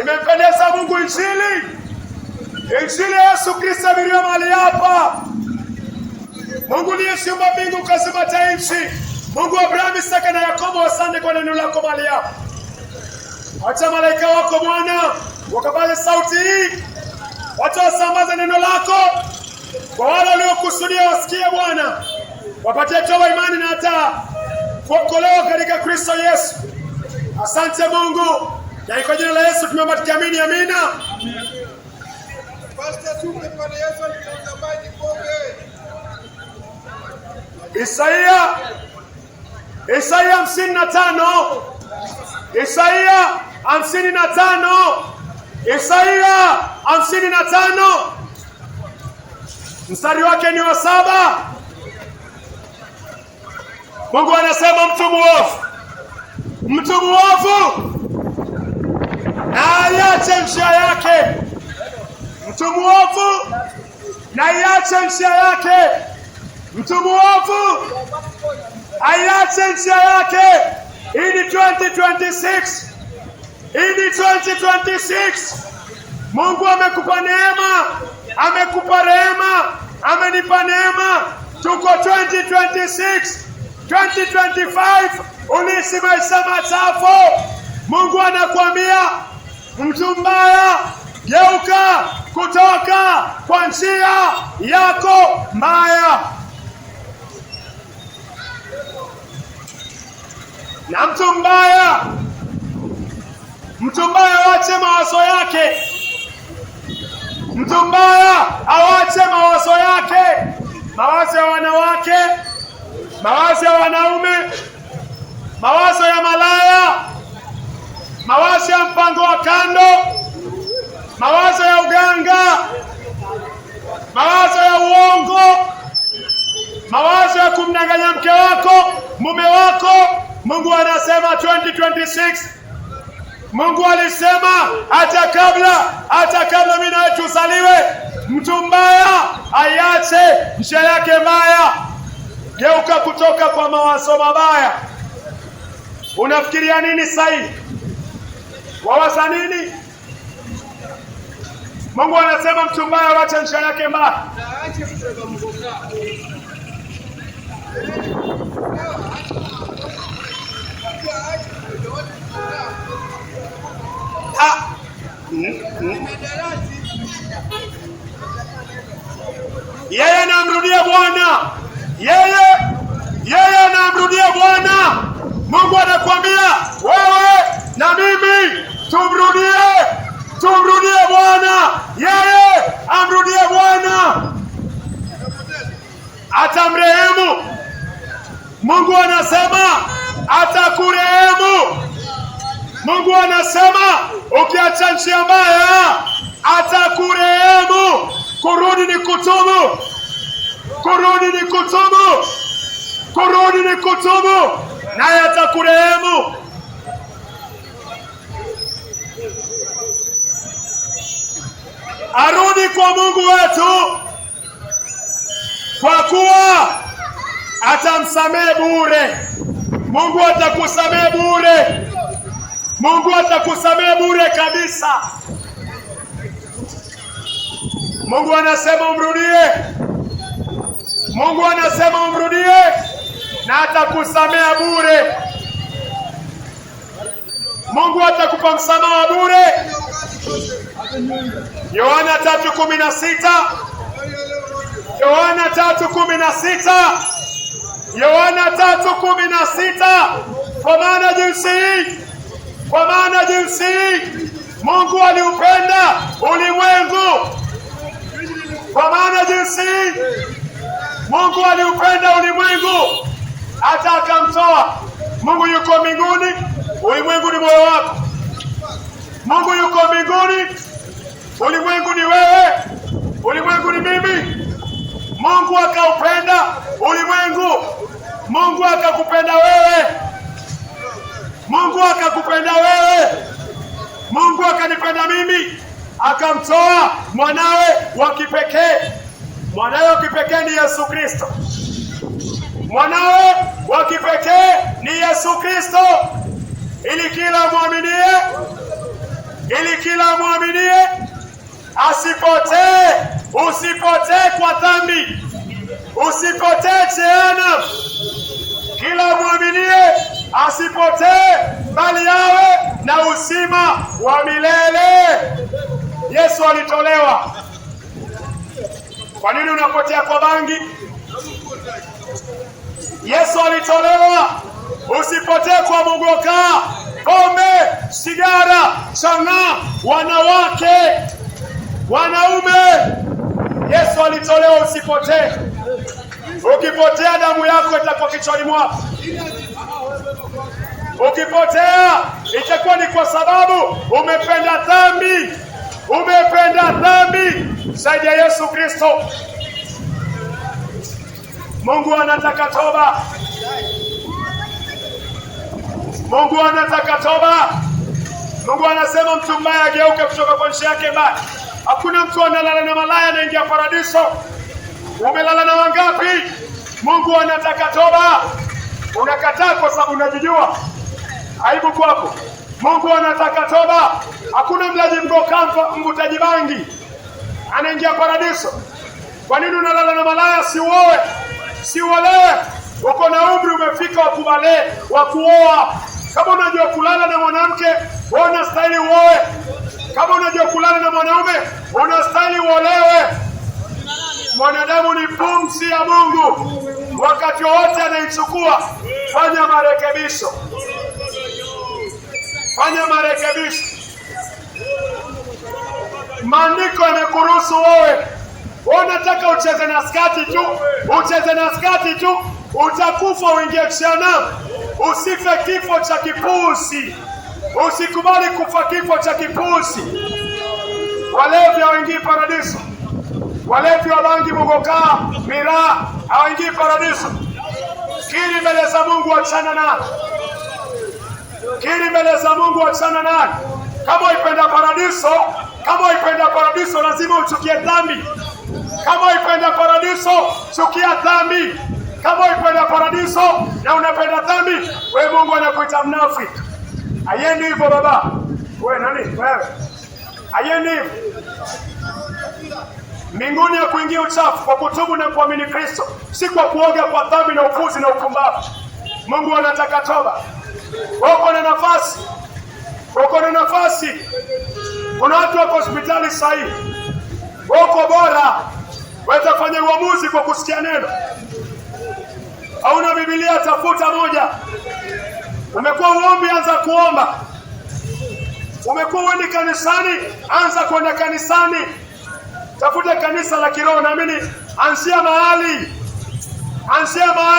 Imependeza Mungu injili. Injili ya Yesu Kristo abiria mahali hapa. Mungu niyesiumba mbingu ukazimata nchi. Mungu wa Abrahamu, Isaka na Yakobo, asante kwa neno lako mahali hapa. Acha malaika wako Bwana wakapaze sauti hii, wacha wasambaze neno lako kwa wale waliokusudia wasikie Bwana, wapatie toba, imani na hata kuokolewa katika Kristo Yesu. Asante Mungu, na kwa jina la Yesu tumeomba tukiamini, amina. Isaia Isaia hamsini na tano Isaia hamsini na tano Isaia hamsini na tano mstari wake ni wa saba. Mungu anasema mtu muovu, mtu muovu na iache njia yake, mtu muovu na iache njia yake, mtu muovu aiache njia yake. Hii ni 2026, hii ni 2026. Mungu amekupa neema, amekupa rehema, amenipa neema, tuko 2026. 2025 maisha machafu. Mungu anakuambia mtu mbaya, geuka kutoka kwa njia yako mbaya. Na mtu mbaya, mtu mbaya awache mawazo yake mtu mbaya awache mawazo yake, mawazo ya wanawake, mawazo ya wanaume, mawazo ya malaya, mawazo ya mpango wa kando, mawazo ya uganga, mawazo ya uongo, mawazo ya kumdanganya mke wako, mume wako. Mungu anasema 2026 Mungu alisema hata kabla hata kabla mimi nawe tuzaliwe, mtu mbaya ayache njia yake mbaya Geuka kutoka kwa mawazo mabaya. Unafikiria nini sahihi? Wawaza nini? Mungu anasema mtu mbaya wacha njia yake mbaya. Hmm? Hmm? Yeye anamrudia Bwana. Mungu anasema atakurehemu. Mungu anasema ukiacha njia mbaya atakurehemu. Kurudi ni kutubu, kurudi ni kutubu, kurudi ni kutubu, naye atakurehemu. Arudi kwa Mungu wetu. atamsamehe bure. Mungu atakusamehe bure. Mungu atakusamehe bure kabisa. Mungu anasema umrudie. Mungu anasema umrudie na atakusamea bure. Mungu atakupa msamaha bure. Yohana 3:16. Yohana 3:16. Yohana tatu kumi na sita kwa maana jinsi hii, kwa maana jinsi hii Mungu aliupenda ulimwengu, kwa maana jinsi hii Mungu aliupenda ulimwengu hata akamtoa. Mungu yuko mbinguni, ulimwengu ni moyo wako. Mungu yuko mbinguni, ulimwengu ni wewe, ulimwengu ni mimi. Mungu akaupenda mimi, akamtoa mwanawe wa kipekee. Mwanawe wa kipekee ni Yesu Kristo, mwanawe wa uzima wa milele. Yesu alitolewa. Kwa nini unapotea kwa bangi? Yesu alitolewa. Usipotee kwa mugoka, pombe, sigara, chang'aa, wanawake, wanaume. Yesu alitolewa, usipotee. Ukipotea damu yako itakuwa kichwani mwako. Ukipotea itakuwa ni kwa sababu umependa dhambi, umependa dhambi zaidi ya Yesu Kristo. Mungu anataka toba, Mungu anataka toba. Mungu anasema mtu mbaya ageuke kutoka kwa njia yake mbaya. Hakuna mtu analala na malaya anaingia paradiso. Umelala na wangapi? Mungu anataka toba. Unakataa kwa sababu unajijua aibu kwako Mungu anataka toba. Hakuna mlaji mgokampa mvutaji bangi anaingia paradiso. Kwa nini unalala na malaya? Si uoe, si uolewe. Uko na umri umefika wakubale wa kuoa. Kama unajua kulala na mwanamke unastahili uoe. Kama unajua kulala na mwanaume unastahili uolewe. Mwanadamu ni pumzi ya Mungu, wakati wowote anaichukua. Fanya marekebisho fanya marekebisho. Maandiko yamekuruhusu wewe, unataka ucheze na skati tu, ucheze na skati tu, utakufa uingie kshana Usife kifo cha kipusi usikubali kufa kifo cha kipuzi. Walevi hawaingii paradiso, walevi wa bangi, mugokaa, miraa hawaingii paradiso. Kiri mbele za Mungu, achana nao ili mbele za Mungu wachana naye. Kama ipenda paradiso, kama ipenda paradiso, lazima uchukie dhambi. Kama ipenda paradiso, chukia dhambi. Kama ipenda paradiso na unapenda dhambi, we Mungu anakuita mnafi. Ayendi hivyo baba, we nani wewe? Ayendi hivyo mbinguni ya kuingia uchafu kwa kutubu na kuamini Kristo, si kwa kuoga kwa dhambi na ufuzi na upumbavu. Mungu anataka toba wako na nafasi, wako na nafasi. Kuna watu wako hospitali sasa hivi, wako bora, watafanya uamuzi kwa kusikia neno. Hauna Biblia? Tafuta moja. Umekuwa uombi, anza kuomba. Umekuwa uendi kanisani, anza kwenda kanisani. Tafuta kanisa la kiroho, naamini ansia mahali, anzia mahali.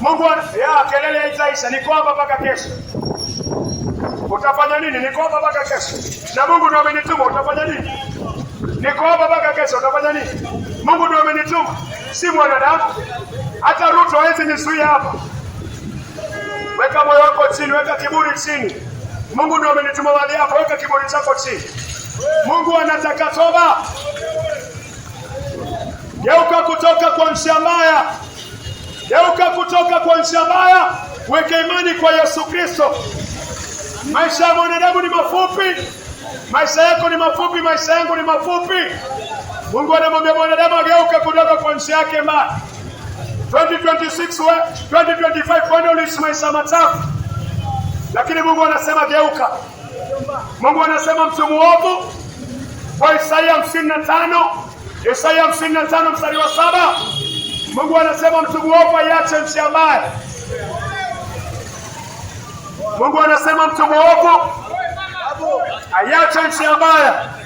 Mungu ya kelele itaisha, ni kwamba mpaka kesho. Utafanya nini? Ni kwamba mpaka kesho. Na Mungu ndiye amenituma, utafanya nini? Ni kwamba mpaka kesho, utafanya nini? Mungu ndiye amenituma, si mwanadamu. Hata Ruto hawezi nizuia hapa. Weka moyo wako chini, weka kiburi chini. Mungu ndiye amenituma mahali hapa, weka kiburi chako chini. Mungu anataka toba. Geuka kutoka kwa mshambaya. Geuka kutoka kwa njia mbaya, weke imani kwa Yesu Kristo. Maisha ya mwanadamu ni mafupi, maisha yako ni mafupi, maisha yangu ni mafupi. Mungu anamwambia mwanadamu ageuke kutoka kwa njia yake mbaya. 2026 we 2025 kwenda uliishi maisha machafu, lakini Mungu anasema geuka. Mungu anasema mtu muovu, kwa Isaya 55 Isaya 55 mstari wa saba Mungu anasema msuguovu iache mshambani. Mungu anasema msuguovu aiache nchi ya mbaya.